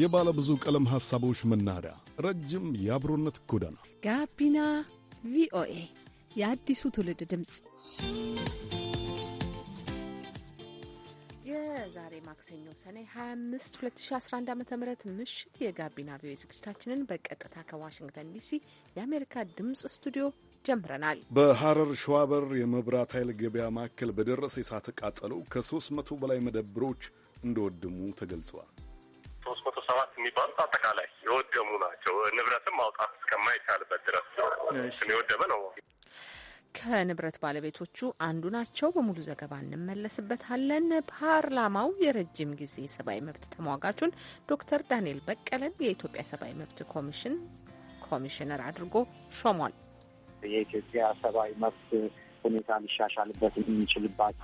የባለ ብዙ ቀለም ሐሳቦች መናኸሪያ፣ ረጅም የአብሮነት ጎዳና ጋቢና ቪኦኤ የአዲሱ ትውልድ ድምፅ። የዛሬ ማክሰኞ ሰኔ 25 2011 ዓ ም ምሽት የጋቢና ቪኦኤ ዝግጅታችንን በቀጥታ ከዋሽንግተን ዲሲ የአሜሪካ ድምፅ ስቱዲዮ ጀምረናል። በሐረር ሸዋበር የመብራት ኃይል ገበያ ማዕከል በደረሰ የእሳት ቃጠሎ ከ300 በላይ መደብሮች እንደወድሙ ተገልጿል። ሰባት የሚባሉት አጠቃላይ የወደሙ ናቸው። ንብረትም ማውጣት እስከማይቻልበት ድረስ ነው የወደመ ነው። ከንብረት ባለቤቶቹ አንዱ ናቸው። በሙሉ ዘገባ እንመለስበታለን። ፓርላማው የረጅም ጊዜ ሰብአዊ መብት ተሟጋቹን ዶክተር ዳንኤል በቀለን የኢትዮጵያ ሰብአዊ መብት ኮሚሽን ኮሚሽነር አድርጎ ሾሟል። የኢትዮጵያ ሰብአዊ መብት ሁኔታ ሊሻሻልበት የሚችልባት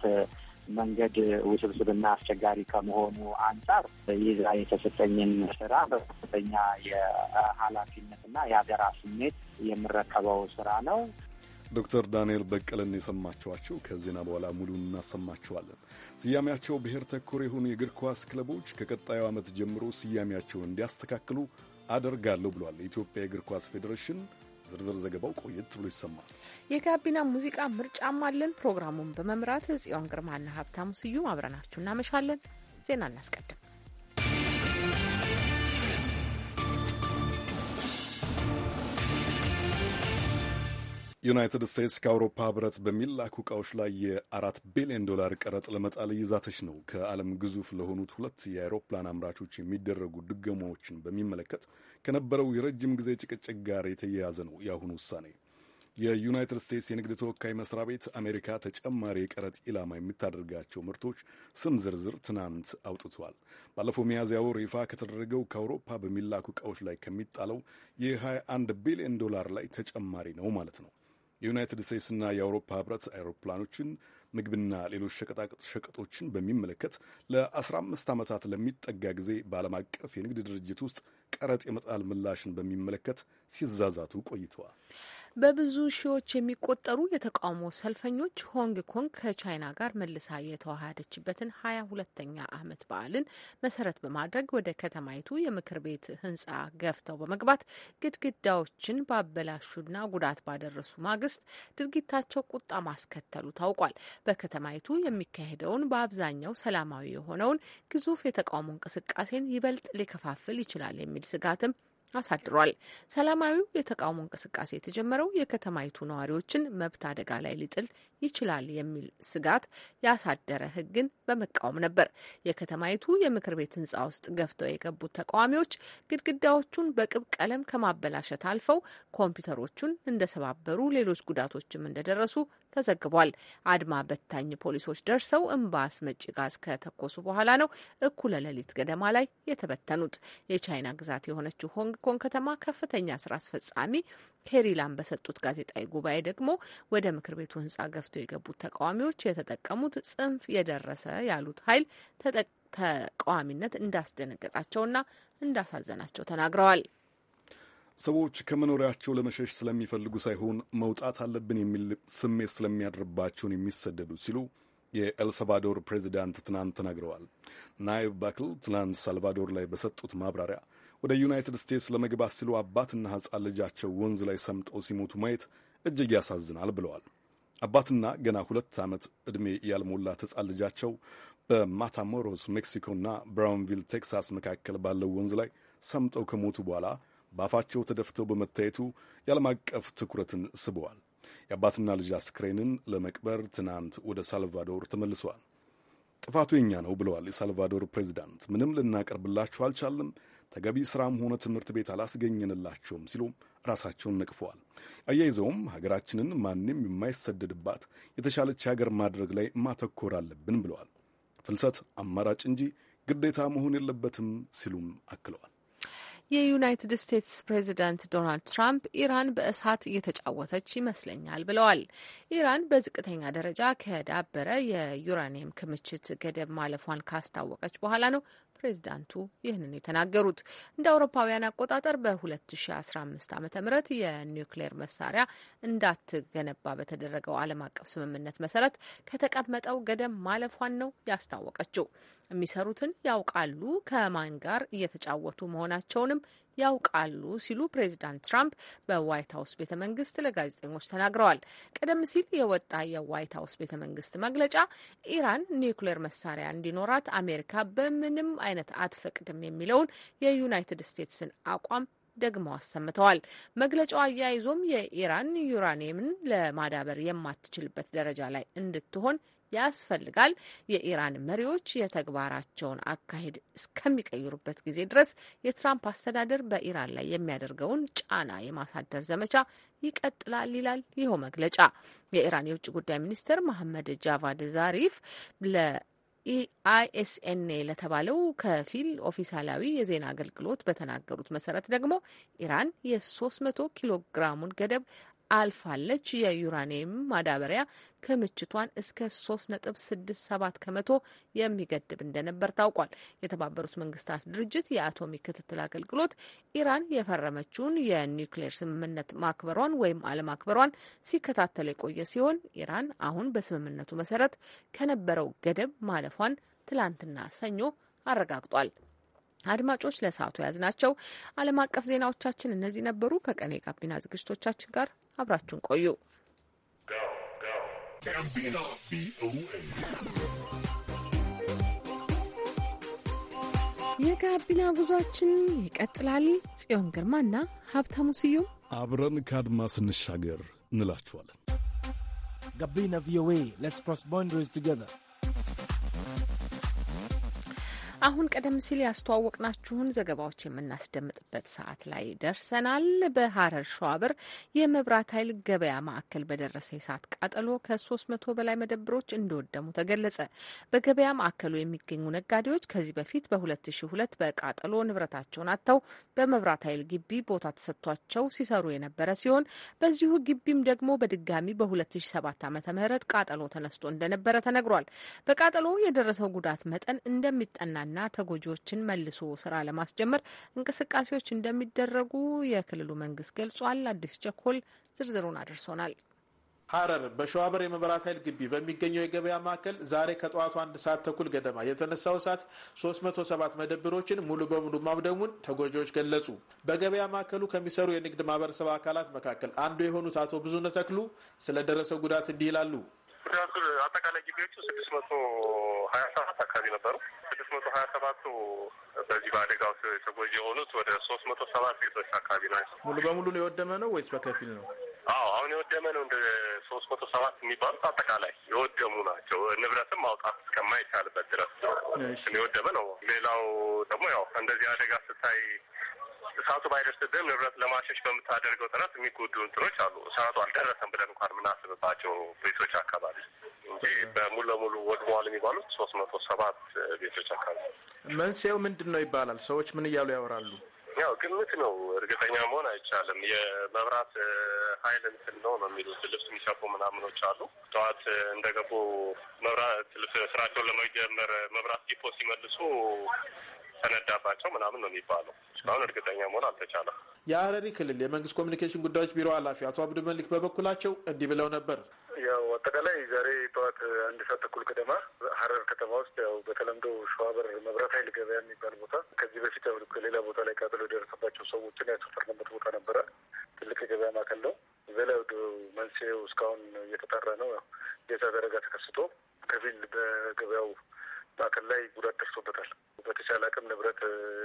መንገድ ውስብስብና አስቸጋሪ ከመሆኑ አንጻር ይዛ የተሰጠኝን ስራ በከፍተኛ የኃላፊነትና የአደራ ስሜት የምረከበው ስራ ነው። ዶክተር ዳንኤል በቀለን የሰማችኋቸው። ከዜና በኋላ ሙሉ እናሰማችኋለን። ስያሜያቸው ብሔር ተኮር የሆኑ የእግር ኳስ ክለቦች ከቀጣዩ ዓመት ጀምሮ ስያሜያቸውን እንዲያስተካክሉ አደርጋለሁ ብሏል የኢትዮጵያ የእግር ኳስ ፌዴሬሽን ዝርዝር ዘገባው ቆየት ብሎ ይሰማል። የጋቢና ሙዚቃ ምርጫም አለን። ፕሮግራሙን በመምራት ጽዮን ግርማና ሀብታሙ ስዩም አብረናችሁ እናመሻለን። ዜና እናስቀድም። ዩናይትድ ስቴትስ ከአውሮፓ ህብረት በሚላኩ እቃዎች ላይ የአራት ቢሊዮን ዶላር ቀረጥ ለመጣል እየዛተች ነው። ከዓለም ግዙፍ ለሆኑት ሁለት የአውሮፕላን አምራቾች የሚደረጉ ድገማዎችን በሚመለከት ከነበረው የረጅም ጊዜ ጭቅጭቅ ጋር የተያያዘ ነው የአሁኑ ውሳኔ። የዩናይትድ ስቴትስ የንግድ ተወካይ መስሪያ ቤት አሜሪካ ተጨማሪ የቀረጥ ኢላማ የምታደርጋቸው ምርቶች ስም ዝርዝር ትናንት አውጥቷል። ባለፈው ሚያዝያ ወር ይፋ ከተደረገው ከአውሮፓ በሚላኩ ዕቃዎች ላይ ከሚጣለው የ21 ቢሊዮን ዶላር ላይ ተጨማሪ ነው ማለት ነው። የዩናይትድ ስቴትስና የአውሮፓ ህብረት አውሮፕላኖችን፣ ምግብና ሌሎች ሸቀጦችን በሚመለከት ለ15 ዓመታት ለሚጠጋ ጊዜ በዓለም አቀፍ የንግድ ድርጅት ውስጥ ቀረጥ የመጣል ምላሽን በሚመለከት ሲዛዛቱ ቆይተዋል። በብዙ ሺዎች የሚቆጠሩ የተቃውሞ ሰልፈኞች ሆንግ ኮንግ ከቻይና ጋር መልሳ የተዋሃደችበትን ሀያ ሁለተኛ ዓመት በዓልን መሰረት በማድረግ ወደ ከተማይቱ የምክር ቤት ህንጻ ገፍተው በመግባት ግድግዳዎችን ባበላሹና ጉዳት ባደረሱ ማግስት ድርጊታቸው ቁጣ ማስከተሉ ታውቋል። በከተማይቱ የሚካሄደውን በአብዛኛው ሰላማዊ የሆነውን ግዙፍ የተቃውሞ እንቅስቃሴን ይበልጥ ሊከፋፍል ይችላል የሚል ስጋትም አሳድሯል። ሰላማዊው የተቃውሞ እንቅስቃሴ የተጀመረው የከተማይቱ ነዋሪዎችን መብት አደጋ ላይ ሊጥል ይችላል የሚል ስጋት ያሳደረ ሕግን በመቃወም ነበር። የከተማይቱ የምክር ቤት ህንፃ ውስጥ ገፍተው የገቡት ተቃዋሚዎች ግድግዳዎቹን በቅብ ቀለም ከማበላሸት አልፈው ኮምፒውተሮቹን እንደሰባበሩ፣ ሌሎች ጉዳቶችም እንደደረሱ ተዘግቧል። አድማ በታኝ ፖሊሶች ደርሰው እንባ አስመጪ ጋዝ ከተኮሱ በኋላ ነው እኩለ ሌሊት ገደማ ላይ የተበተኑት። የቻይና ግዛት የሆነችው ሆንግ ኮንግ ከተማ ከፍተኛ ስራ አስፈጻሚ ኬሪላን በሰጡት ጋዜጣዊ ጉባኤ ደግሞ ወደ ምክር ቤቱ ህንጻ ገፍቶ የገቡት ተቃዋሚዎች የተጠቀሙት ጽንፍ የደረሰ ያሉት ኃይል ተቃዋሚነት እንዳስደነገጣቸውና እንዳሳዘናቸው ተናግረዋል። ሰዎች ከመኖሪያቸው ለመሸሽ ስለሚፈልጉ ሳይሆን መውጣት አለብን የሚል ስሜት ስለሚያድርባቸውን የሚሰደዱ ሲሉ የኤልሳልቫዶር ፕሬዚዳንት ትናንት ተናግረዋል። ናይብ ባክል ትናንት ሳልቫዶር ላይ በሰጡት ማብራሪያ ወደ ዩናይትድ ስቴትስ ለመግባት ሲሉ አባትና ሕፃን ልጃቸው ወንዝ ላይ ሰምጠው ሲሞቱ ማየት እጅግ ያሳዝናል ብለዋል። አባትና ገና ሁለት ዓመት ዕድሜ ያልሞላት ሕፃን ልጃቸው በማታሞሮስ ሜክሲኮና ብራውንቪል ቴክሳስ መካከል ባለው ወንዝ ላይ ሰምጠው ከሞቱ በኋላ በአፋቸው ተደፍተው በመታየቱ የዓለም አቀፍ ትኩረትን ስበዋል። የአባትና ልጅ አስክሬንን ለመቅበር ትናንት ወደ ሳልቫዶር ተመልሰዋል። ጥፋቱ የኛ ነው ብለዋል የሳልቫዶር ፕሬዚዳንት። ምንም ልናቀርብላችሁ አልቻልም፣ ተገቢ ስራም ሆነ ትምህርት ቤት አላስገኘንላቸውም ሲሉ ራሳቸውን ነቅፈዋል። አያይዘውም ሀገራችንን ማንም የማይሰደድባት የተሻለች ሀገር ማድረግ ላይ ማተኮር አለብን ብለዋል። ፍልሰት አማራጭ እንጂ ግዴታ መሆን የለበትም ሲሉም አክለዋል። የዩናይትድ ስቴትስ ፕሬዚዳንት ዶናልድ ትራምፕ ኢራን በእሳት እየተጫወተች ይመስለኛል ብለዋል። ኢራን በዝቅተኛ ደረጃ ከዳበረ የዩራኒየም ክምችት ገደብ ማለፏን ካስታወቀች በኋላ ነው ፕሬዚዳንቱ ይህንን የተናገሩት እንደ አውሮፓውያን አቆጣጠር በ2015 ዓ ም የኒውክሌር መሳሪያ እንዳትገነባ በተደረገው ዓለም አቀፍ ስምምነት መሰረት ከተቀመጠው ገደብ ማለፏን ነው ያስታወቀችው። የሚሰሩትን ያውቃሉ፣ ከማን ጋር እየተጫወቱ መሆናቸውንም ያውቃሉ ሲሉ ፕሬዚዳንት ትራምፕ በዋይት ሀውስ ቤተ መንግስት ለጋዜጠኞች ተናግረዋል። ቀደም ሲል የወጣ የዋይት ሀውስ ቤተ መንግስት መግለጫ ኢራን ኒውክሌር መሳሪያ እንዲኖራት አሜሪካ በምንም አይነት አትፈቅድም የሚለውን የዩናይትድ ስቴትስን አቋም ደግሞ አሰምተዋል። መግለጫው አያይዞም የኢራን ዩራኒየምን ለማዳበር የማትችልበት ደረጃ ላይ እንድትሆን ያስፈልጋል። የኢራን መሪዎች የተግባራቸውን አካሄድ እስከሚቀይሩበት ጊዜ ድረስ የትራምፕ አስተዳደር በኢራን ላይ የሚያደርገውን ጫና የማሳደር ዘመቻ ይቀጥላል ይላል ይኸው መግለጫ። የኢራን የውጭ ጉዳይ ሚኒስትር መሐመድ ጃቫድ ዛሪፍ ለ ኢአይኤስኤንኤ ለተባለው ከፊል ኦፊሳላዊ የዜና አገልግሎት በተናገሩት መሰረት ደግሞ ኢራን የ300 ኪሎ ግራሙን ገደብ አልፋለች። የዩራኒየም ማዳበሪያ ክምችቷን እስከ 3.67 ከመቶ የሚገድብ እንደነበር ታውቋል። የተባበሩት መንግስታት ድርጅት የአቶሚክ ክትትል አገልግሎት ኢራን የፈረመችውን የኒውክሌር ስምምነት ማክበሯን ወይም አለማክበሯን ሲከታተል የቆየ ሲሆን ኢራን አሁን በስምምነቱ መሰረት ከነበረው ገደብ ማለፏን ትላንትና ሰኞ አረጋግጧል። አድማጮች ለሰዓቱ የያዝናቸው ዓለም አቀፍ ዜናዎቻችን እነዚህ ነበሩ። ከቀን የጋቢና ዝግጅቶቻችን ጋር አብራችሁን ቆዩ። የጋቢና ጉዟችን ይቀጥላል። ጽዮን ግርማና ሀብታሙ ስዩም አብረን ከአድማ ስንሻገር እንላችኋለን። ጋቢና ቪኦኤ ሌትስ ክሮስ ቦንደሪስ ቱጌዘር አሁን ቀደም ሲል ያስተዋወቅናችሁን ዘገባዎች የምናስደምጥበት ሰዓት ላይ ደርሰናል። በሀረር ሸዋብር የመብራት ኃይል ገበያ ማዕከል በደረሰ የእሳት ቃጠሎ ከሶስት መቶ በላይ መደብሮች እንደወደሙ ተገለጸ። በገበያ ማዕከሉ የሚገኙ ነጋዴዎች ከዚህ በፊት ሺ ሁለት በቃጠሎ ንብረታቸውን አጥተው በመብራት ኃይል ግቢ ቦታ ተሰጥቷቸው ሲሰሩ የነበረ ሲሆን በዚሁ ግቢም ደግሞ በድጋሚ በ2007 ዓ ም ቃጠሎ ተነስቶ እንደነበረ ተነግሯል። በቃጠሎ የደረሰው ጉዳት መጠን እንደሚጠና ዋና ተጎጂዎችን መልሶ ስራ ለማስጀመር እንቅስቃሴዎች እንደሚደረጉ የክልሉ መንግስት ገልጿል። አዲስ ቸኮል ዝርዝሩን አድርሶናል። ሀረር በሸዋበር የመብራት ኃይል ግቢ በሚገኘው የገበያ ማዕከል ዛሬ ከጠዋቱ አንድ ሰዓት ተኩል ገደማ የተነሳው እሳት 307 መደብሮችን ሙሉ በሙሉ ማውደሙን ተጎጂዎች ገለጹ። በገበያ ማዕከሉ ከሚሰሩ የንግድ ማህበረሰብ አካላት መካከል አንዱ የሆኑት አቶ ብዙነ ተክሉ ስለደረሰው ጉዳት እንዲህ ይላሉ። ምክንያቱ አጠቃላይ ግቢዎቹ ስድስት መቶ ሀያ ሰባት አካባቢ ነበሩ። ስድስት መቶ ሀያ ሰባቱ በዚህ በአደጋው የተጎጂ የሆኑት ወደ ሶስት መቶ ሰባት ቤቶች አካባቢ ናቸው። ሙሉ በሙሉ ነው የወደመ ነው ወይስ በከፊል ነው? አዎ አሁን የወደመ ነው። እንደ ሶስት መቶ ሰባት የሚባሉት አጠቃላይ የወደሙ ናቸው። ንብረትም ማውጣት እስከማይቻልበት ድረስ የወደመ ነው። ሌላው ደግሞ ያው እንደዚህ አደጋ ስታይ እሳቱ ባይደርስብን ንብረት ለማሸሽ በምታደርገው ጥረት የሚጎዱ እንትኖች አሉ። እሳቱ አልደረሰም ብለን እንኳን የምናስብባቸው ቤቶች አካባቢ እንጂ በሙሉ ለሙሉ ወድመዋል የሚባሉት ሶስት መቶ ሰባት ቤቶች አካባቢ። መንስኤው ምንድን ነው ይባላል። ሰዎች ምን እያሉ ያወራሉ? ያው ግምት ነው፣ እርግጠኛ መሆን አይቻልም። የመብራት ኃይል እንትን ነው ነው የሚሉት ልብስ የሚሸፉ ምናምኖች አሉ። ጠዋት እንደገቡ መብራት ልብስ ስራቸውን ለመጀመር መብራት ዲፖ ሲመልሱ ፈነዳባቸው ምናምን ነው የሚባለው። እስካሁን እርግጠኛ መሆን አልተቻለም። የሀረሪ ክልል የመንግስት ኮሚኒኬሽን ጉዳዮች ቢሮ ኃላፊ አቶ አብዱ መሊክ በበኩላቸው እንዲህ ብለው ነበር። ያው አጠቃላይ ዛሬ ጠዋት አንድ ሰዓት ተኩል ገደማ ሀረር ከተማ ውስጥ ያው በተለምዶ ሸዋበር መብራት ኃይል ገበያ የሚባል ቦታ ከዚህ በፊት ያው ከሌላ ቦታ ላይ ቃጠሎ የደረሰባቸው ሰዎችን ያሰፈርንበት ቦታ ነበረ። ትልቅ የገበያ ማዕከል ነው። ዘላውድ መንስኤው እስካሁን እየተጣራ ነው። የእሳት አደጋ ተከስቶ ከፊል በገበያው ማዕከል ላይ ጉዳት ደርሶበታል። በተቻለ አቅም ንብረት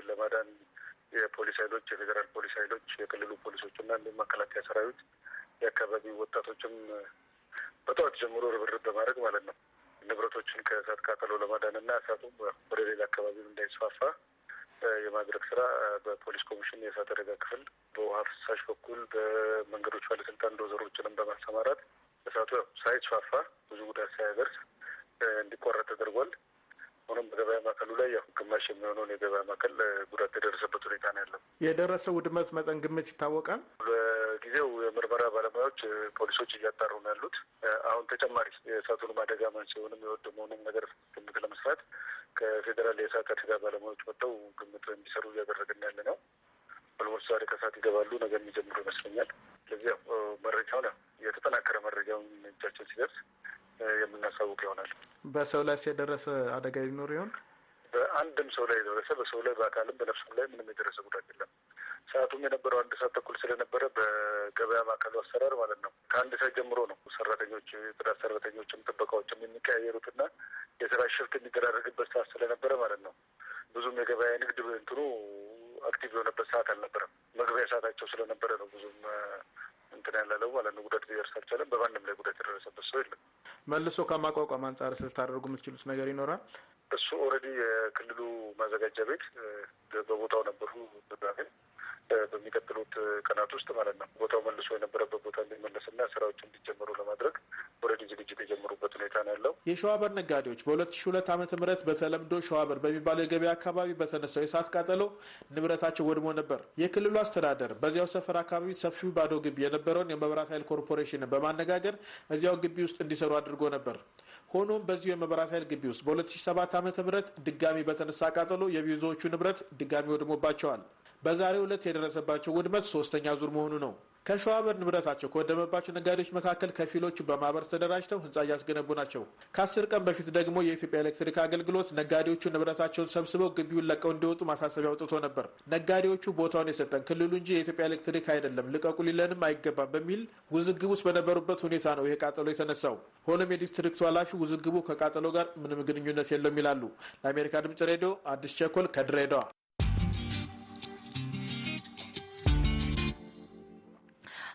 ለማዳን የፖሊስ ኃይሎች፣ የፌዴራል ፖሊስ ኃይሎች፣ የክልሉ ፖሊሶች እና እንዲሁም መከላከያ ሰራዊት፣ የአካባቢው ወጣቶችም በጠዋት ጀምሮ ርብርብ በማድረግ ማለት ነው ንብረቶችን ከእሳት ቃጠሎ ለማዳን እና እሳቱም ወደ ሌላ አካባቢም እንዳይስፋፋ የማድረግ ስራ በፖሊስ ኮሚሽን የእሳት አደጋ ክፍል በውሃ ፍሳሽ በኩል በመንገዶች ባለስልጣን ዶዘሮችንም በማሰማራት እሳቱ ሳይስፋፋ ብዙ ጉዳት ሳያደርስ እንዲቆረጥ ተደርጓል። ሆኖም በገበያ ማዕከሉ ላይ ያው ግማሽ የሚሆነውን የገበያ ማዕከል ጉዳት የደረሰበት ሁኔታ ነው ያለው። የደረሰው ውድመት መጠን ግምት ይታወቃል። በጊዜው የምርመራ ባለሙያዎች ፖሊሶች እያጣሩ ነው ያሉት። አሁን ተጨማሪ የእሳቱንም አደጋ መንስኤውንም የወደመውንም ነገር ግምት ለመስራት ከፌዴራል የእሳት አደጋ ባለሙያዎች መጥተው ግምት እንዲሰሩ እያደረግን ያለ ነው። ኦልሞስት ዛሬ ከሰዓት ይገባሉ፣ ነገ የሚጀምሩ ይመስለኛል። ስለዚህ ያው የተጠናከረ መረጃውን እጃቸው ሲደርስ የምናሳውቅ ይሆናል። በሰው ላይ የደረሰ አደጋ ሊኖር ይሆን? በአንድም ሰው ላይ የደረሰ በሰው ላይ በአካልም በነፍሱም ላይ ምንም የደረሰ ጉዳት የለም። ሰዓቱም የነበረው አንድ ሰዓት ተኩል ስለነበረ በገበያ ማዕከሉ አሰራር ማለት ነው ከአንድ ሰዓት ጀምሮ ነው ሰራተኞች፣ የጽዳት ሰራተኞችም ጥበቃዎችም የሚቀያየሩትና የስራ ሽፍት የሚደራረግበት ሰዓት ስለነበረ ማለት ነው ብዙም የገበያ ንግድ እንትኑ አክቲቭ የሆነበት ሰዓት አልነበረም። መግቢያ ሰዓታቸው ስለነበረ ነው ብዙም እንትን ያላለው ማለት ነው። ጉዳት ሊደርስ አልቻለም። በማንም ላይ ጉዳት የደረሰበት ሰው የለም። መልሶ ከማቋቋም አንጻር ስልታደርጉ የምትችሉት ነገር ይኖራል። እሱ ኦልሬዲ የክልሉ ማዘጋጃ ቤት በቦታው ነበሩ። በሚቀጥሉት ቀናት ውስጥ ማለት ነው ቦታው መልሶ የነበረበት ቦታ እንዲመለስና ስራዎች እንዲጀመሩ ለማድረግ ወረድ ዝግጅት የጀመሩበት ሁኔታ ነው ያለው። የሸዋበር ነጋዴዎች ሺ ሁለት ዓ ም በተለምዶ ሸዋበር በሚባለው የገበያ አካባቢ በተነሳው የእሳት ቃጠሎ ንብረታቸው ወድሞ ነበር። የክልሉ አስተዳደር በዚያው ሰፈር አካባቢ ሰፊው ባዶ ግቢ የነበረውን የመብራት ኃይል ኮርፖሬሽንን በማነጋገር እዚያው ግቢ ውስጥ እንዲሰሩ አድርጎ ነበር። ሆኖም በዚሁ የመብራት ኃይል ግቢ ውስጥ በ2007 ዓ ም ድጋሚ በተነሳ ቃጠሎ የብዙዎቹ ንብረት ድጋሚ ወድሞባቸዋል። በዛሬው ዕለት የደረሰባቸው ውድመት ሶስተኛ ዙር መሆኑ ነው። ከሸዋበር ንብረታቸው ከወደመባቸው ነጋዴዎች መካከል ከፊሎቹ በማህበር ተደራጅተው ህንፃ እያስገነቡ ናቸው። ከአስር ቀን በፊት ደግሞ የኢትዮጵያ ኤሌክትሪክ አገልግሎት ነጋዴዎቹ ንብረታቸውን ሰብስበው ግቢውን ለቀው እንዲወጡ ማሳሰቢያ አውጥቶ ነበር። ነጋዴዎቹ ቦታውን የሰጠን ክልሉ እንጂ የኢትዮጵያ ኤሌክትሪክ አይደለም፣ ልቀቁ ሊለንም አይገባም በሚል ውዝግብ ውስጥ በነበሩበት ሁኔታ ነው ይህ ቃጠሎ የተነሳው። ሆኖም የዲስትሪክቱ ኃላፊ ውዝግቡ ከቃጠሎ ጋር ምንም ግንኙነት የለውም ይላሉ። ለአሜሪካ ድምጽ ሬዲዮ አዲስ ቸኮል ከድሬዳዋ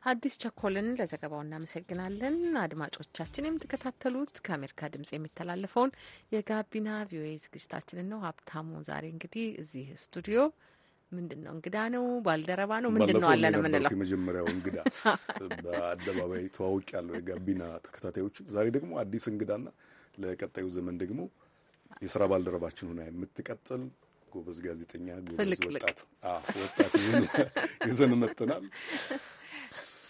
አዲስ ቸኮልን ለዘገባው እናመሰግናለን። አድማጮቻችን የምትከታተሉት ከአሜሪካ ድምጽ የሚተላለፈውን የጋቢና ቪኦኤ ዝግጅታችንን ነው። ሀብታሙ ዛሬ እንግዲህ እዚህ ስቱዲዮ ምንድን ነው እንግዳ ነው ባልደረባ ነው ምንድን ነው አለን የምንለው የመጀመሪያው እንግዳ በአደባባይ ተዋውቅ ያለው የጋቢና ተከታታዮች ዛሬ ደግሞ አዲስ እንግዳና ለቀጣዩ ዘመን ደግሞ የስራ ባልደረባችን ሆና የምትቀጥል ጎበዝ ጋዜጠኛ፣ ጎበዝ ወጣት ወጣት ይዘን መጥተናል።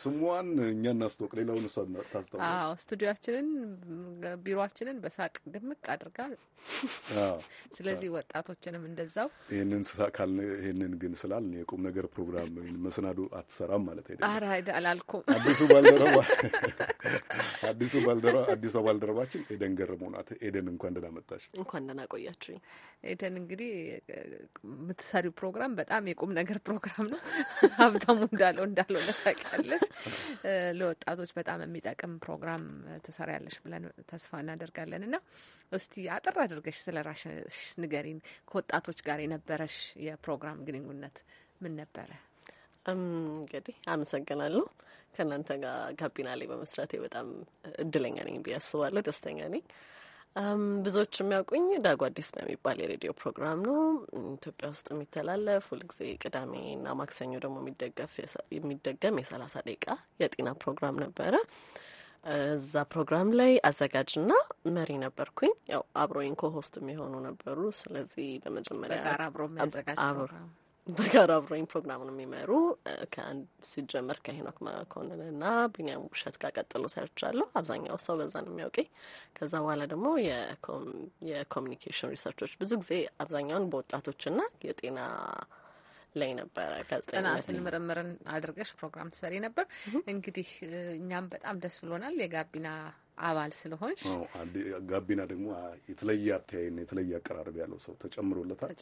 ስሟን እኛ እናስተወቅ፣ ሌላውን እሷ ታስታው። ስቱዲዮችንን ቢሮችንን በሳቅ ድምቅ አድርጋ። ስለዚህ ወጣቶችንም እንደዛው ይህንን ስሳካል። ይህንን ግን ስላል የቁም ነገር ፕሮግራም መሰናዶ አትሰራም ማለት አይደለም። ኧረ አላልኩም። አዲሱ ባልደረባ አዲሱ ባልደረባ አዲሷ ባልደረባችን ኤደን ገረመው ናት። ኤደን እንኳን ደህና መጣሽ። እንኳን ደህና ቆያችሁኝ። ኤደን እንግዲህ የምትሰሪው ፕሮግራም በጣም የቁም ነገር ፕሮግራም ነው። ሀብታሙ እንዳለው እንዳለው ነታቂያለች ለወጣቶች በጣም የሚጠቅም ፕሮግራም ያለሽ ብለን ተስፋ እናደርጋለን እና እስቲ አጠር አድርገሽ ስለ ራሽ ንገሪን። ከወጣቶች ጋር የነበረሽ የፕሮግራም ግንኙነት ምን ነበረ? እንግዲህ አመሰግናለሁ። ከእናንተ ጋር ጋቢና ላይ በመስራቴ በጣም እድለኛ ነኝ ብዬ አስባለሁ። ደስተኛ ነኝ። ብዙዎች የሚያውቁኝ ዳጉ አዲስ ነው የሚባል የሬዲዮ ፕሮግራም ነው ኢትዮጵያ ውስጥ የሚተላለፍ ሁልጊዜ ቅዳሜ ቅዳሜና ማክሰኞ ደግሞ የሚደገም የሰላሳ ደቂቃ የጤና ፕሮግራም ነበረ። እዛ ፕሮግራም ላይ አዘጋጅና መሪ ነበርኩኝ። ያው አብሮኝ ኮሆስት የሚሆኑ ነበሩ። ስለዚህ በመጀመሪያ አብሮ በጋራ አብሮኝ ፕሮግራሙን የሚመሩ ከአንድ ሲጀመር ከሄኖክ መኮንን ና ቢኒያም ውሸት ጋር ቀጥሎ ሰርቻለሁ። አብዛኛው ሰው በዛ ነው የሚያውቀኝ። ከዛ በኋላ ደግሞ የኮሚኒኬሽን ሪሰርቾች ብዙ ጊዜ አብዛኛውን በወጣቶች ና የጤና ላይ ነበረ ጥናትን ምርምርን አድርገሽ ፕሮግራም ትሰሪ ነበር። እንግዲህ እኛም በጣም ደስ ብሎናል የጋቢና አባል ስለሆንሽ። ጋቢና ደግሞ የተለየ አተያይና የተለየ አቀራረብ ያለው ሰው ተጨምሮለታል።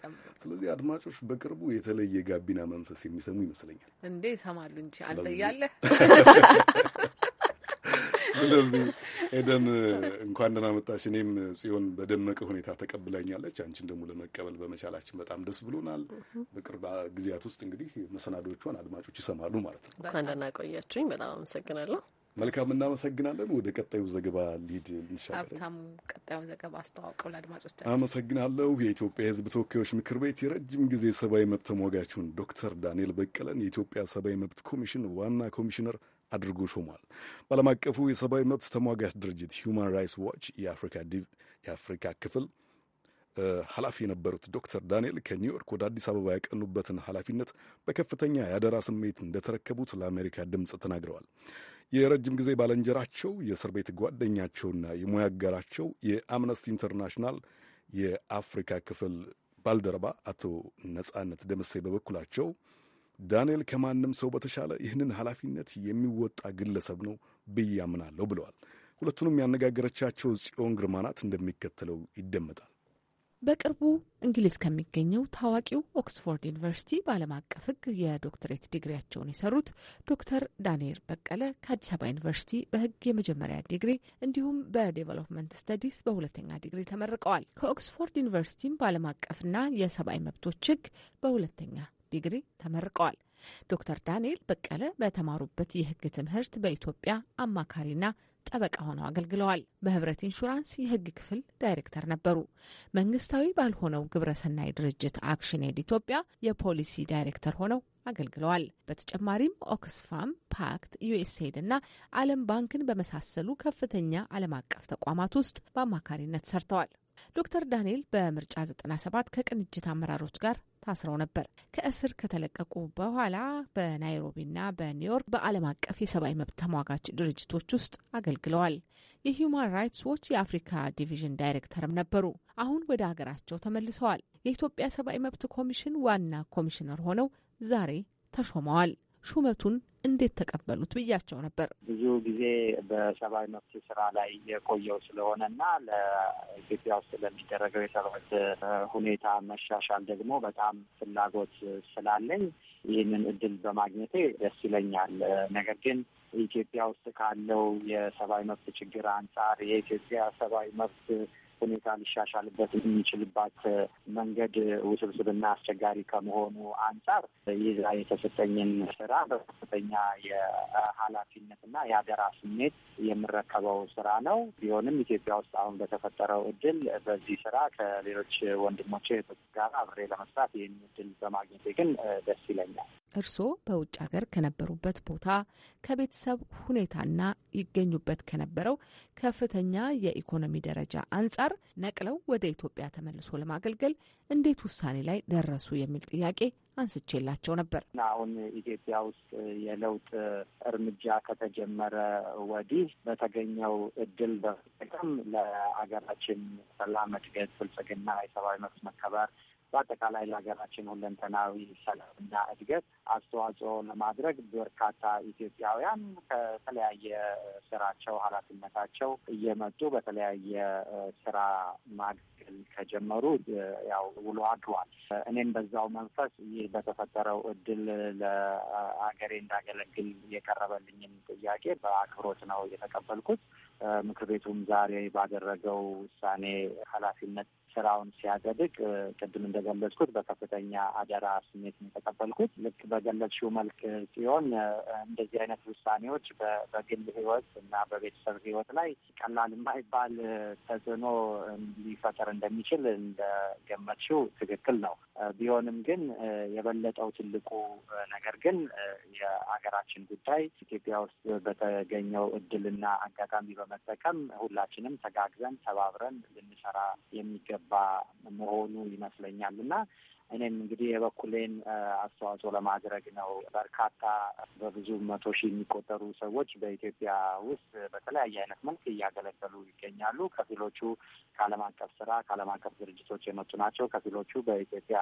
ስለዚህ አድማጮች በቅርቡ የተለየ ጋቢና መንፈስ የሚሰሙ ይመስለኛል። እንዴ ይሰማሉ እንጂ አንተ እያለ ስለዚህ ኤደን እንኳን ደህና መጣሽ። እኔም ጽዮን በደመቀ ሁኔታ ተቀብላኛለች። አንቺን ደግሞ ለመቀበል በመቻላችን በጣም ደስ ብሎናል። በቅርብ ጊዜያት ውስጥ እንግዲህ መሰናዶቿን አድማጮች ይሰማሉ ማለት ነው። እንኳን ደህና ቆያችሁኝ። በጣም አመሰግናለሁ። መልካም እናመሰግናለን። ወደ ቀጣዩ ዘገባ ሊድ ሀብታሙ፣ ቀጣዩ ዘገባ አስተዋውቀው ለአድማጮች አመሰግናለሁ። የኢትዮጵያ የሕዝብ ተወካዮች ምክር ቤት የረጅም ጊዜ ሰብአዊ መብት ተሟጋቹን ዶክተር ዳንኤል በቀለን የኢትዮጵያ ሰብአዊ መብት ኮሚሽን ዋና ኮሚሽነር አድርጎ ሾሟል። በዓለም አቀፉ የሰብአዊ መብት ተሟጋች ድርጅት ሁማን ራይትስ ዋች የአፍሪካ ክፍል ኃላፊ የነበሩት ዶክተር ዳንኤል ከኒውዮርክ ወደ አዲስ አበባ ያቀኑበትን ኃላፊነት በከፍተኛ የአደራ ስሜት እንደተረከቡት ለአሜሪካ ድምፅ ተናግረዋል። የረጅም ጊዜ ባለንጀራቸው የእስር ቤት ጓደኛቸውና የሙያ አጋራቸው የአምነስቲ ኢንተርናሽናል የአፍሪካ ክፍል ባልደረባ አቶ ነጻነት ደምሴ በበኩላቸው ዳንኤል ከማንም ሰው በተሻለ ይህንን ኃላፊነት የሚወጣ ግለሰብ ነው ብዬ አምናለሁ ብለዋል። ሁለቱንም ያነጋገረቻቸው ጽዮን ግርማ ናት፣ እንደሚከተለው ይደመጣል። በቅርቡ እንግሊዝ ከሚገኘው ታዋቂው ኦክስፎርድ ዩኒቨርሲቲ በዓለም አቀፍ ሕግ የዶክትሬት ዲግሪያቸውን የሰሩት ዶክተር ዳንኤል በቀለ ከአዲስ አበባ ዩኒቨርሲቲ በሕግ የመጀመሪያ ዲግሪ እንዲሁም በዴቨሎፕመንት ስተዲስ በሁለተኛ ዲግሪ ተመርቀዋል። ከኦክስፎርድ ዩኒቨርሲቲም በዓለም አቀፍና የሰብአዊ መብቶች ሕግ በሁለተኛ ዲግሪ ተመርቀዋል። ዶክተር ዳንኤል በቀለ በተማሩበት የህግ ትምህርት በኢትዮጵያ አማካሪና ጠበቃ ሆነው አገልግለዋል። በህብረት ኢንሹራንስ የህግ ክፍል ዳይሬክተር ነበሩ። መንግስታዊ ባልሆነው ግብረሰናይ ድርጅት አክሽን ኤድ ኢትዮጵያ የፖሊሲ ዳይሬክተር ሆነው አገልግለዋል። በተጨማሪም ኦክስፋም፣ ፓክት፣ ዩኤስኤድ እና ዓለም ባንክን በመሳሰሉ ከፍተኛ ዓለም አቀፍ ተቋማት ውስጥ በአማካሪነት ሰርተዋል። ዶክተር ዳንኤል በምርጫ 97 ከቅንጅት አመራሮች ጋር ታስረው ነበር። ከእስር ከተለቀቁ በኋላ በናይሮቢና በኒውዮርክ በዓለም አቀፍ የሰብአዊ መብት ተሟጋች ድርጅቶች ውስጥ አገልግለዋል። የሂዩማን ራይትስ ዎች የአፍሪካ ዲቪዥን ዳይሬክተርም ነበሩ። አሁን ወደ ሀገራቸው ተመልሰዋል። የኢትዮጵያ ሰብአዊ መብት ኮሚሽን ዋና ኮሚሽነር ሆነው ዛሬ ተሾመዋል። ሹመቱን እንዴት ተቀበሉት ብያቸው ነበር። ብዙ ጊዜ በሰብአዊ መብት ስራ ላይ የቆየው ስለሆነ እና ለኢትዮጵያ ውስጥ ለሚደረገው የሰብአዊ ሁኔታ መሻሻል ደግሞ በጣም ፍላጎት ስላለኝ ይህንን እድል በማግኘቴ ደስ ይለኛል። ነገር ግን ኢትዮጵያ ውስጥ ካለው የሰብአዊ መብት ችግር አንጻር የኢትዮጵያ ሰብአዊ መብት ሁኔታ ሊሻሻልበት የሚችልባት መንገድ ውስብስብና አስቸጋሪ ከመሆኑ አንጻር ይዛ የተሰጠኝን ስራ በከፍተኛ የኃላፊነትና የአደራ ስሜት የምረከበው ስራ ነው። ቢሆንም ኢትዮጵያ ውስጥ አሁን በተፈጠረው እድል በዚህ ስራ ከሌሎች ወንድሞቼ ጋር አብሬ ለመስራት ይህን እድል በማግኘቴ ግን ደስ ይለኛል። እርስዎ በውጭ ሀገር ከነበሩበት ቦታ ከቤተሰብ ሁኔታና ይገኙበት ከነበረው ከፍተኛ የኢኮኖሚ ደረጃ አንጻር ነቅለው ወደ ኢትዮጵያ ተመልሶ ለማገልገል እንዴት ውሳኔ ላይ ደረሱ የሚል ጥያቄ አንስቼላቸው ነበር። አሁን ኢትዮጵያ ውስጥ የለውጥ እርምጃ ከተጀመረ ወዲህ በተገኘው እድል በመጠቀም ለሀገራችን ሰላም፣ እድገት፣ ብልጽግና፣ የሰብአዊ መብት መከበር በአጠቃላይ ለሀገራችን ሁለንተናዊ ሰላምና እድገት አስተዋጽኦ ለማድረግ በርካታ ኢትዮጵያውያን ከተለያየ ስራቸው፣ ኃላፊነታቸው እየመጡ በተለያየ ስራ ማገልገል ከጀመሩ ያው ውሎ አድሯል። እኔም በዛው መንፈስ ይህ በተፈጠረው እድል ለአገሬ እንዳገለግል የቀረበልኝን ጥያቄ በአክብሮት ነው የተቀበልኩት። ምክር ቤቱም ዛሬ ባደረገው ውሳኔ ኃላፊነት ስራውን ሲያገድግ ቅድም እንደገለጽኩት በከፍተኛ አደራ ስሜት ነው የተቀበልኩት። ልክ በገለጽሽው መልክ ሲሆን እንደዚህ አይነት ውሳኔዎች በግል ህይወት እና በቤተሰብ ህይወት ላይ ቀላል የማይባል ተጽዕኖ ሊፈጠር እንደሚችል እንደገመትሽው ትክክል ነው። ቢሆንም ግን የበለጠው ትልቁ ነገር ግን የሀገራችን ጉዳይ ኢትዮጵያ ውስጥ በተገኘው እድልና አጋጣሚ በመጠቀም ሁላችንም ተጋግዘን ተባብረን ልንሰራ የሚገባ የገባ መሆኑ ይመስለኛል እና እኔም እንግዲህ የበኩሌን አስተዋጽኦ ለማድረግ ነው። በርካታ በብዙ መቶ ሺህ የሚቆጠሩ ሰዎች በኢትዮጵያ ውስጥ በተለያየ አይነት መልክ እያገለገሉ ይገኛሉ። ከፊሎቹ ከዓለም አቀፍ ስራ ከዓለም አቀፍ ድርጅቶች የመጡ ናቸው። ከፊሎቹ በኢትዮጵያ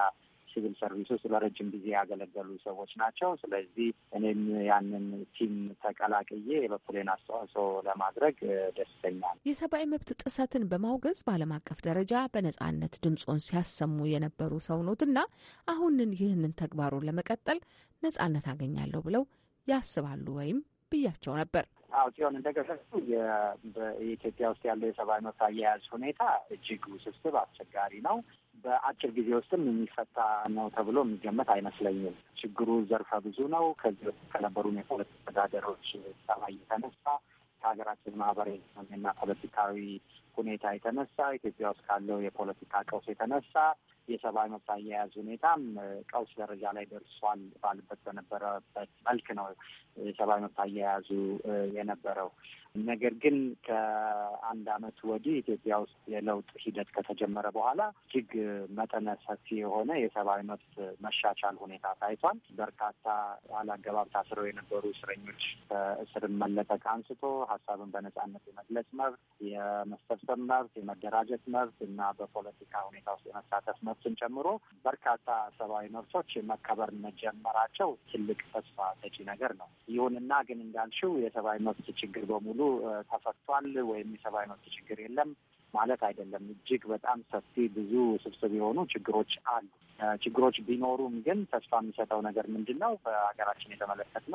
ሲቪል ሰርቪስ ውስጥ ለረጅም ጊዜ ያገለገሉ ሰዎች ናቸው። ስለዚህ እኔም ያንን ቲም ተቀላቅዬ የበኩሌን አስተዋጽኦ ለማድረግ ደስተኛል የሰብአዊ መብት ጥሰትን በማውገዝ በዓለም አቀፍ ደረጃ በነጻነት ድምፆን ሲያሰሙ የነበሩ ሰው እና አሁንን ይህንን ተግባሩን ለመቀጠል ነጻነት አገኛለሁ ብለው ያስባሉ ወይም ብያቸው ነበር። አዎ ጽዮን እንደገለጹ የኢትዮጵያ ውስጥ ያለው የሰብአዊ መብት አያያዝ ሁኔታ እጅግ ውስብስብ፣ አስቸጋሪ ነው። በአጭር ጊዜ ውስጥም የሚፈታ ነው ተብሎ የሚገመት አይመስለኝም። ችግሩ ዘርፈ ብዙ ነው። ከዚህ በፊት ከነበሩም የፖለቲካ ተወዳደሮች ሰብአዊ የተነሳ ከሀገራችን ማህበራዊ ኢኮኖሚና ፖለቲካዊ ሁኔታ የተነሳ ኢትዮጵያ ውስጥ ካለው የፖለቲካ ቀውስ የተነሳ የሰብአዊ መብት አያያዝ ሁኔታም ቀውስ ደረጃ ላይ ደርሷል ባልበት በነበረበት መልክ ነው የሰብአዊ መብት አያያዙ የነበረው። ነገር ግን ከአንድ ዓመት ወዲህ ኢትዮጵያ ውስጥ የለውጥ ሂደት ከተጀመረ በኋላ እጅግ መጠነ ሰፊ የሆነ የሰብአዊ መብት መሻቻል ሁኔታ ታይቷል። በርካታ አላገባብ ታስረው የነበሩ እስረኞች ከእስር መለቀቅ አንስቶ ሀሳብን በነጻነት የመግለጽ መብት፣ የመሰብሰብ መብት፣ የመደራጀት መብት እና በፖለቲካ ሁኔታ ውስጥ የመሳተፍ መብት መብትን ጨምሮ በርካታ ሰብአዊ መብቶች መከበር መጀመራቸው ትልቅ ተስፋ ሰጪ ነገር ነው። ይሁንና ግን እንዳልሽው የሰብአዊ መብት ችግር በሙሉ ተፈቷል ወይም የሰብአዊ መብት ችግር የለም ማለት አይደለም። እጅግ በጣም ሰፊ ብዙ ስብስብ የሆኑ ችግሮች አሉ። ችግሮች ቢኖሩም ግን ተስፋ የሚሰጠው ነገር ምንድን ነው? በሀገራችን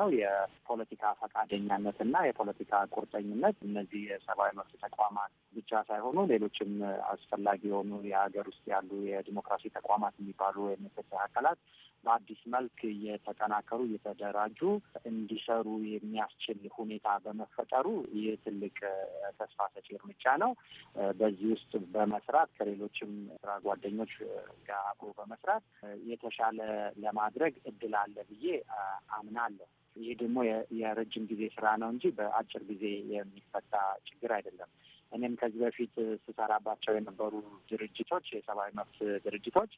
ነው የፖለቲካ ፈቃደኛነት እና የፖለቲካ ቁርጠኝነት እነዚህ የሰብአዊ መብት ተቋማት ብቻ ሳይሆኑ ሌሎችም አስፈላጊ የሆኑ የሀገር ውስጥ ያሉ የዲሞክራሲ ተቋማት የሚባሉ የመሰሰያ አካላት በአዲስ መልክ እየተጠናከሩ እየተደራጁ እንዲሰሩ የሚያስችል ሁኔታ በመፈጠሩ ይህ ትልቅ ተስፋ ሰጪ እርምጃ ነው። በዚህ ውስጥ በመስራት ከሌሎችም ስራ ጓደኞች ጋር አብሮ በመስራት በመስራት የተሻለ ለማድረግ እድል አለ ብዬ አምናለሁ። ይህ ደግሞ የረጅም ጊዜ ስራ ነው እንጂ በአጭር ጊዜ የሚፈታ ችግር አይደለም። እኔም ከዚህ በፊት ስሰራባቸው የነበሩ ድርጅቶች፣ የሰብአዊ መብት ድርጅቶች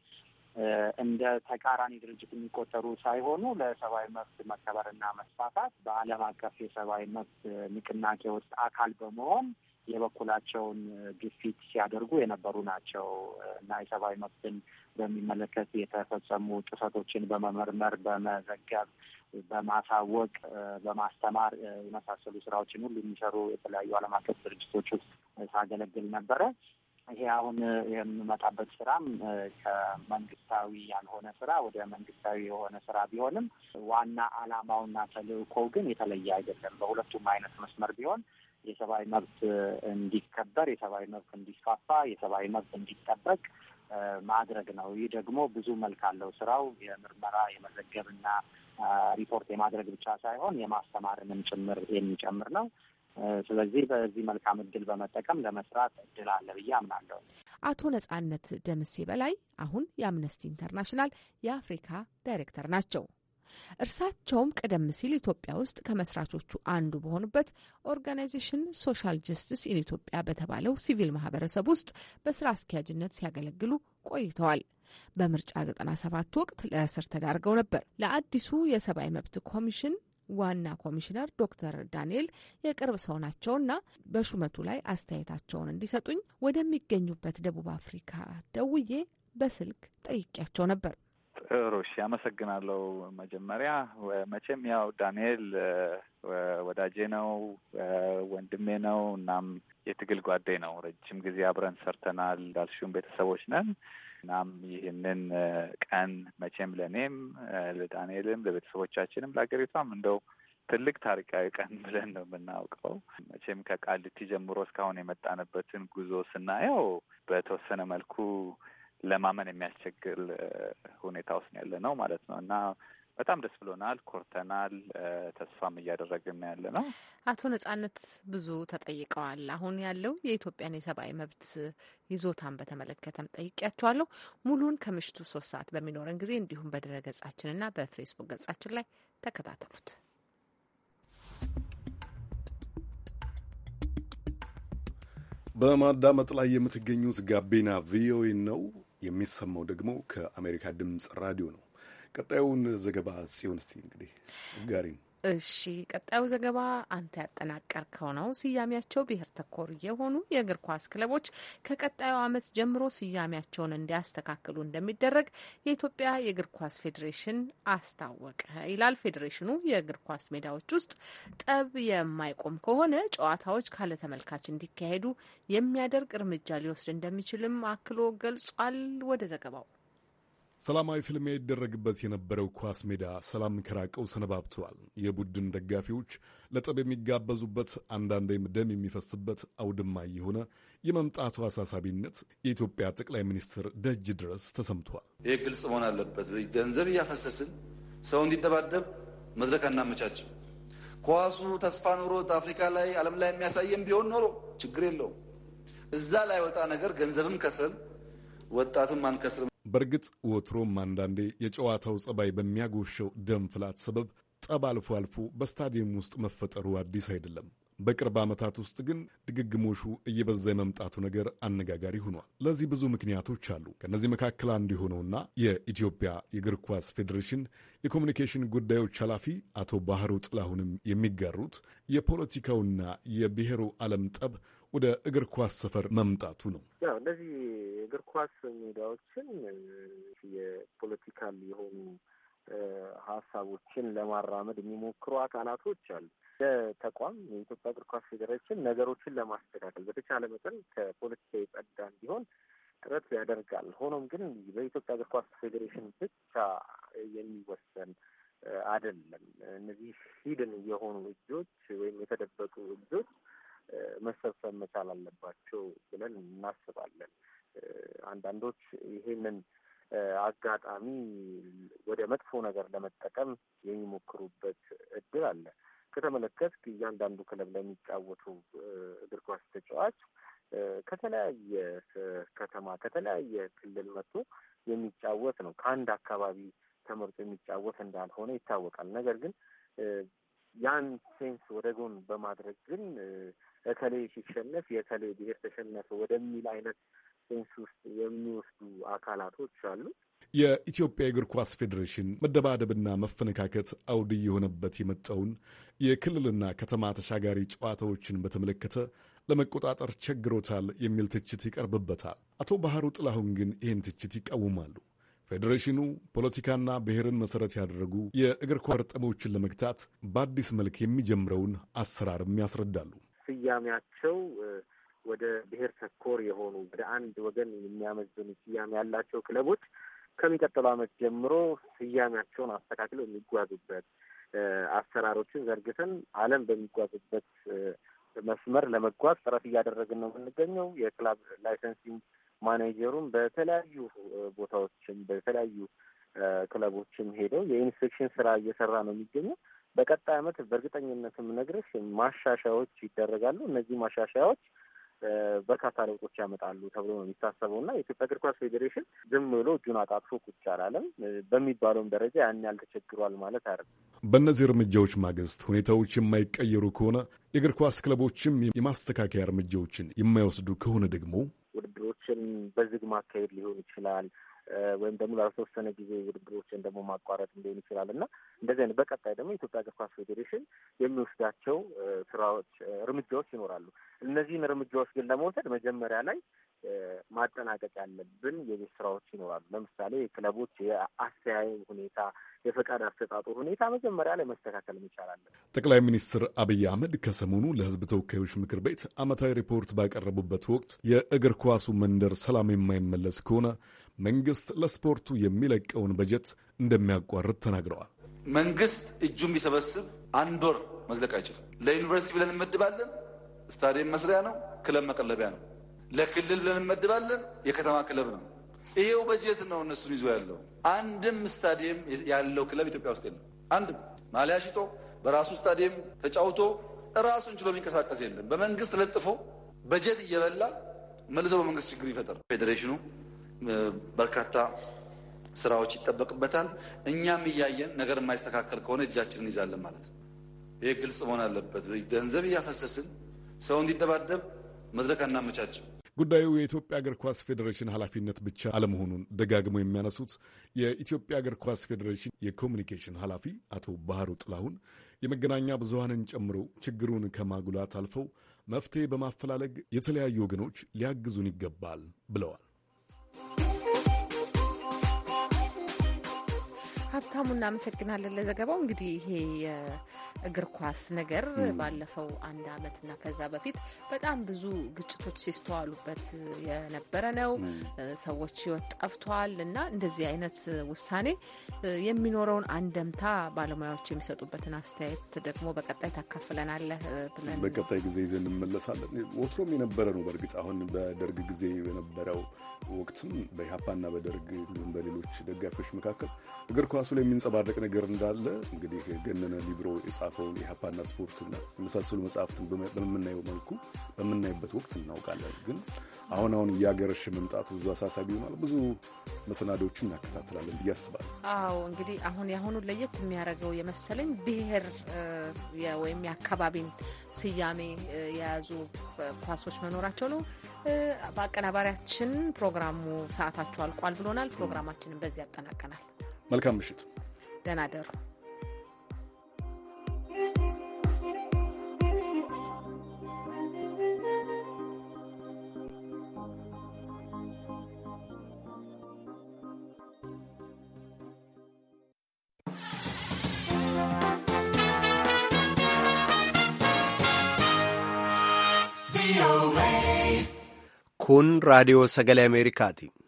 እንደ ተቃራኒ ድርጅት የሚቆጠሩ ሳይሆኑ ለሰብአዊ መብት መከበርና መስፋፋት በዓለም አቀፍ የሰብአዊ መብት ንቅናቄ ውስጥ አካል በመሆን የበኩላቸውን ግፊት ሲያደርጉ የነበሩ ናቸው እና የሰብአዊ መብትን በሚመለከት የተፈጸሙ ጥሰቶችን በመመርመር፣ በመዘገብ፣ በማሳወቅ፣ በማስተማር የመሳሰሉ ስራዎችን ሁሉ የሚሰሩ የተለያዩ ዓለም አቀፍ ድርጅቶች ውስጥ ሳገለግል ነበረ። ይሄ አሁን የምመጣበት ስራም ከመንግስታዊ ያልሆነ ስራ ወደ መንግስታዊ የሆነ ስራ ቢሆንም ዋና አላማውና ተልእኮው ግን የተለየ አይደለም። በሁለቱም አይነት መስመር ቢሆን የሰብአዊ መብት እንዲከበር፣ የሰብአዊ መብት እንዲስፋፋ፣ የሰብአዊ መብት እንዲጠበቅ ማድረግ ነው። ይህ ደግሞ ብዙ መልክ አለው። ስራው የምርመራ የመዘገብና ሪፖርት የማድረግ ብቻ ሳይሆን የማስተማርንም ጭምር የሚጨምር ነው። ስለዚህ በዚህ መልካም እድል በመጠቀም ለመስራት እድል አለ ብዬ አምናለሁ። አቶ ነጻነት ደምሴ በላይ አሁን የአምነስቲ ኢንተርናሽናል የአፍሪካ ዳይሬክተር ናቸው። እርሳቸውም ቀደም ሲል ኢትዮጵያ ውስጥ ከመስራቾቹ አንዱ በሆኑበት ኦርጋናይዜሽን ሶሻል ጀስቲስ ኢን ኢትዮጵያ በተባለው ሲቪል ማህበረሰብ ውስጥ በስራ አስኪያጅነት ሲያገለግሉ ቆይተዋል። በምርጫ 97 ወቅት ለእስር ተዳርገው ነበር። ለአዲሱ የሰብአዊ መብት ኮሚሽን ዋና ኮሚሽነር ዶክተር ዳንኤል የቅርብ ሰው ናቸውና በሹመቱ ላይ አስተያየታቸውን እንዲሰጡኝ ወደሚገኙበት ደቡብ አፍሪካ ደውዬ በስልክ ጠይቄያቸው ነበር። ሮሺ አመሰግናለሁ። መጀመሪያ መቼም ያው ዳንኤል ወዳጄ ነው፣ ወንድሜ ነው፣ እናም የትግል ጓዴ ነው። ረጅም ጊዜ አብረን ሰርተናል። እንዳልሽውም ቤተሰቦች ነን። እናም ይህንን ቀን መቼም ለእኔም ለዳንኤልም ለቤተሰቦቻችንም ለአገሪቷም እንደው ትልቅ ታሪካዊ ቀን ብለን ነው የምናውቀው። መቼም ከቃሊቲ ጀምሮ እስካሁን የመጣንበትን ጉዞ ስናየው በተወሰነ መልኩ ለማመን የሚያስቸግር ሁኔታ ውስጥ ያለ ነው ማለት ነው እና በጣም ደስ ብሎናል፣ ኮርተናል፣ ተስፋም እያደረግን ያለ ነው። አቶ ነጻነት ብዙ ተጠይቀዋል። አሁን ያለው የኢትዮጵያን የሰብአዊ መብት ይዞታን በተመለከተም ጠይቂያቸዋለሁ። ሙሉን ከምሽቱ ሶስት ሰዓት በሚኖረን ጊዜ እንዲሁም በድረ ገጻችንና በፌስቡክ ገጻችን ላይ ተከታተሉት። በማዳመጥ ላይ የምትገኙት ጋቢና ቪኦኤ ነው። የሚሰማው ደግሞ ከአሜሪካ ድምፅ ራዲዮ ነው። ቀጣዩን ዘገባ ጽዮን እስቲ እንግዲህ ጋሪን እሺ ቀጣዩ ዘገባ አንተ ያጠናቀርከው ነው። ስያሜያቸው ብሔር ተኮር የሆኑ የእግር ኳስ ክለቦች ከቀጣዩ ዓመት ጀምሮ ስያሜያቸውን እንዲያስተካክሉ እንደሚደረግ የኢትዮጵያ የእግር ኳስ ፌዴሬሽን አስታወቀ ይላል። ፌዴሬሽኑ የእግር ኳስ ሜዳዎች ውስጥ ጠብ የማይቆም ከሆነ ጨዋታዎች ካለ ተመልካች እንዲካሄዱ የሚያደርግ እርምጃ ሊወስድ እንደሚችልም አክሎ ገልጿል። ወደ ዘገባው ሰላማዊ ፍልሚያ ይደረግበት የነበረው ኳስ ሜዳ ሰላም ከራቀው ሰነባብተዋል። የቡድን ደጋፊዎች ለጠብ የሚጋበዙበት አንዳንዴም ደም የሚፈስበት አውድማ የሆነ የመምጣቱ አሳሳቢነት የኢትዮጵያ ጠቅላይ ሚኒስትር ደጅ ድረስ ተሰምቷል። ይህ ግልጽ መሆን አለበት። ገንዘብ እያፈሰስን ሰው እንዲደባደብ መድረክ አናመቻችም። ኳሱ ተስፋ ኑሮ አፍሪካ ላይ ዓለም ላይ የሚያሳየም ቢሆን ኖሮ ችግር የለውም። እዛ ላይ ወጣ ነገር ገንዘብም ከስል ወጣትም አንከስርም። በእርግጥ ወትሮም አንዳንዴ የጨዋታው ጸባይ በሚያጎሸው ደም ፍላት ሰበብ ጠብ አልፎ አልፎ በስታዲየም ውስጥ መፈጠሩ አዲስ አይደለም። በቅርብ ዓመታት ውስጥ ግን ድግግሞሹ እየበዛ የመምጣቱ ነገር አነጋጋሪ ሆኗል። ለዚህ ብዙ ምክንያቶች አሉ። ከእነዚህ መካከል አንዱ የሆነውና የኢትዮጵያ የእግር ኳስ ፌዴሬሽን የኮሚኒኬሽን ጉዳዮች ኃላፊ አቶ ባህሩ ጥላሁንም የሚጋሩት የፖለቲካውና የብሔሩ ዓለም ጠብ ወደ እግር ኳስ ሰፈር መምጣቱ ነው። ያው እነዚህ እግር ኳስ ሜዳዎችን የፖለቲካል የሆኑ ሀሳቦችን ለማራመድ የሚሞክሩ አካላቶች አሉ። ተቋም የኢትዮጵያ እግር ኳስ ፌዴሬሽን ነገሮችን ለማስተካከል በተቻለ መጠን ከፖለቲካ የጸዳ እንዲሆን ጥረት ያደርጋል። ሆኖም ግን በኢትዮጵያ እግር ኳስ ፌዴሬሽን ብቻ የሚወሰን አይደለም። እነዚህ ሂድን የሆኑ እጆች ወይም የተደበቁ እጆች መሰብሰብ መቻል አለባቸው ብለን እናስባለን። አንዳንዶች ይሄንን አጋጣሚ ወደ መጥፎ ነገር ለመጠቀም የሚሞክሩበት እድል አለ። ከተመለከት እያንዳንዱ ክለብ ለሚጫወቱ እግር ኳስ ተጫዋች ከተለያየ ከተማ ከተለያየ ክልል መጥቶ የሚጫወት ነው። ከአንድ አካባቢ ተመርጦ የሚጫወት እንዳልሆነ ይታወቃል። ነገር ግን ያን ሴንስ ወደ ጎን በማድረግ ግን እከሌ ሲሸነፍ የእከሌ ብሔር ተሸነፈ ወደሚል አይነት ሴንስ ውስጥ የሚወስዱ አካላቶች አሉ። የኢትዮጵያ እግር ኳስ ፌዴሬሽን መደባደብና መፈነካከት አውድ የሆነበት የመጣውን የክልልና ከተማ ተሻጋሪ ጨዋታዎችን በተመለከተ ለመቆጣጠር ቸግሮታል የሚል ትችት ይቀርብበታል። አቶ ባህሩ ጥላሁን ግን ይህን ትችት ይቃወማሉ። ፌዴሬሽኑ ፖለቲካና ብሔርን መሠረት ያደረጉ የእግር ኳስ ጠቦችን ለመግታት በአዲስ መልክ የሚጀምረውን አሰራርም ያስረዳሉ። ስያሜያቸው ወደ ብሔር ተኮር የሆኑ ወደ አንድ ወገን የሚያመዝኑ ስያሜ ያላቸው ክለቦች ከሚቀጥለው ዓመት ጀምሮ ስያሜያቸውን አስተካክለው የሚጓዙበት አሰራሮችን ዘርግተን ዓለም በሚጓዙበት መስመር ለመጓዝ ጥረት እያደረግን ነው የምንገኘው። የክላብ ላይሰንሲንግ ማኔጀሩም በተለያዩ ቦታዎችም በተለያዩ ክለቦችም ሄደው የኢንስፔክሽን ስራ እየሰራ ነው የሚገኘው። በቀጣይ ዓመት በእርግጠኝነት የምነግርሽ ማሻሻያዎች ይደረጋሉ። እነዚህ ማሻሻያዎች በርካታ ለውጦች ያመጣሉ ተብሎ ነው የሚታሰበው እና የኢትዮጵያ እግር ኳስ ፌዴሬሽን ዝም ብሎ እጁን አጣጥፎ ቁጭ አላለም። በሚባለውም ደረጃ ያን ያህል ተቸግሯል ማለት አይደለም። በእነዚህ እርምጃዎች ማግስት ሁኔታዎች የማይቀየሩ ከሆነ የእግር ኳስ ክለቦችም የማስተካከያ እርምጃዎችን የማይወስዱ ከሆነ ደግሞ ውድድሮችን በዝግ ማካሄድ ሊሆን ይችላል። ወይም ደግሞ ላልተወሰነ ጊዜ ውድድሮችን ደግሞ ማቋረጥ እንዲሆን ይችላል እና እንደዚህ አይነት በቀጣይ ደግሞ የኢትዮጵያ እግር ኳስ ፌዴሬሽን የሚወስዳቸው ስራዎች፣ እርምጃዎች ይኖራሉ። እነዚህን እርምጃዎች ግን ለመውሰድ መጀመሪያ ላይ ማጠናቀቅ ያለብን የቤት ስራዎች ይኖራሉ። ለምሳሌ የክለቦች የአስተያየ ሁኔታ፣ የፈቃድ አሰጣጡ ሁኔታ መጀመሪያ ላይ መስተካከል እንችላለን። ጠቅላይ ሚኒስትር አብይ አህመድ ከሰሞኑ ለሕዝብ ተወካዮች ምክር ቤት ዓመታዊ ሪፖርት ባቀረቡበት ወቅት የእግር ኳሱ መንደር ሰላም የማይመለስ ከሆነ መንግስት ለስፖርቱ የሚለቀውን በጀት እንደሚያቋርጥ ተናግረዋል። መንግስት እጁን ቢሰበስብ አንድ ወር መዝለቅ አይችልም። ለዩኒቨርሲቲ ብለን እንመድባለን፣ ስታዲየም መስሪያ ነው፣ ክለብ መቀለቢያ ነው። ለክልል ብለን እንመድባለን፣ የከተማ ክለብ ነው። ይሄው በጀት ነው እነሱን ይዞ ያለው። አንድም ስታዲየም ያለው ክለብ ኢትዮጵያ ውስጥ የለም። አንድም ማሊያ ሽጦ በራሱ ስታዲየም ተጫውቶ ራሱን ችሎ የሚንቀሳቀስ የለም። በመንግስት ለጥፎ በጀት እየበላ መልሶ በመንግስት ችግር ይፈጠር። ፌዴሬሽኑ በርካታ ስራዎች ይጠበቅበታል። እኛም እያየን ነገር የማይስተካከል ከሆነ እጃችንን ይዛለን ማለት ነው። ይህ ግልጽ መሆን አለበት። ገንዘብ እያፈሰስን ሰው እንዲደባደብ መድረክ አናመቻችም። ጉዳዩ የኢትዮጵያ እግር ኳስ ፌዴሬሽን ኃላፊነት ብቻ አለመሆኑን ደጋግሞ የሚያነሱት የኢትዮጵያ እግር ኳስ ፌዴሬሽን የኮሚኒኬሽን ኃላፊ አቶ ባህሩ ጥላሁን የመገናኛ ብዙሃንን ጨምሮ ችግሩን ከማጉላት አልፈው መፍትሄ በማፈላለግ የተለያዩ ወገኖች ሊያግዙን ይገባል ብለዋል። ሀብታሙ እናመሰግናለን ለዘገባው። እንግዲህ ይሄ የእግር ኳስ ነገር ባለፈው አንድ ዓመትና ከዛ በፊት በጣም ብዙ ግጭቶች ሲስተዋሉበት የነበረ ነው። ሰዎች ሕይወት ጠፍቷል እና እንደዚህ አይነት ውሳኔ የሚኖረውን አንደምታ ባለሙያዎች የሚሰጡበትን አስተያየት ደግሞ በቀጣይ ታካፍለናለህ ብለን በቀጣይ ጊዜ ይዘን እንመለሳለን። ወትሮም የነበረ ነው። በእርግጥ አሁን በደርግ ጊዜ የነበረው ወቅትም በኢህአፓና በደርግ እንዲሁም በሌሎች ደጋፊዎች መካከል እግር ኳስ ራሱ ላይ የሚንጸባረቅ ነገር እንዳለ እንግዲህ ገነነ ሊብሮ የጻፈውን የሀፓና ስፖርትና የመሳሰሉ መጽሐፍትን በምናየው መልኩ በምናይበት ወቅት እናውቃለን። ግን አሁን አሁን እያገረሽ መምጣቱ ብዙ አሳሳቢ ይሆናል። ብዙ መሰናዶዎችን እናከታትላለን ብዬ አስባለሁ። አዎ እንግዲህ አሁን የአሁኑ ለየት የሚያደርገው የመሰለኝ ብሔር ወይም የአካባቢን ስያሜ የያዙ ኳሶች መኖራቸው ነው። በአቀናባሪያችን ፕሮግራሙ ሰዓታቸው አልቋል ብሎናል። ፕሮግራማችንን በዚህ ያጠናቀናል። መልካም ምሽት፣ ደህና ደሩ። Con Radio Sagale Americati.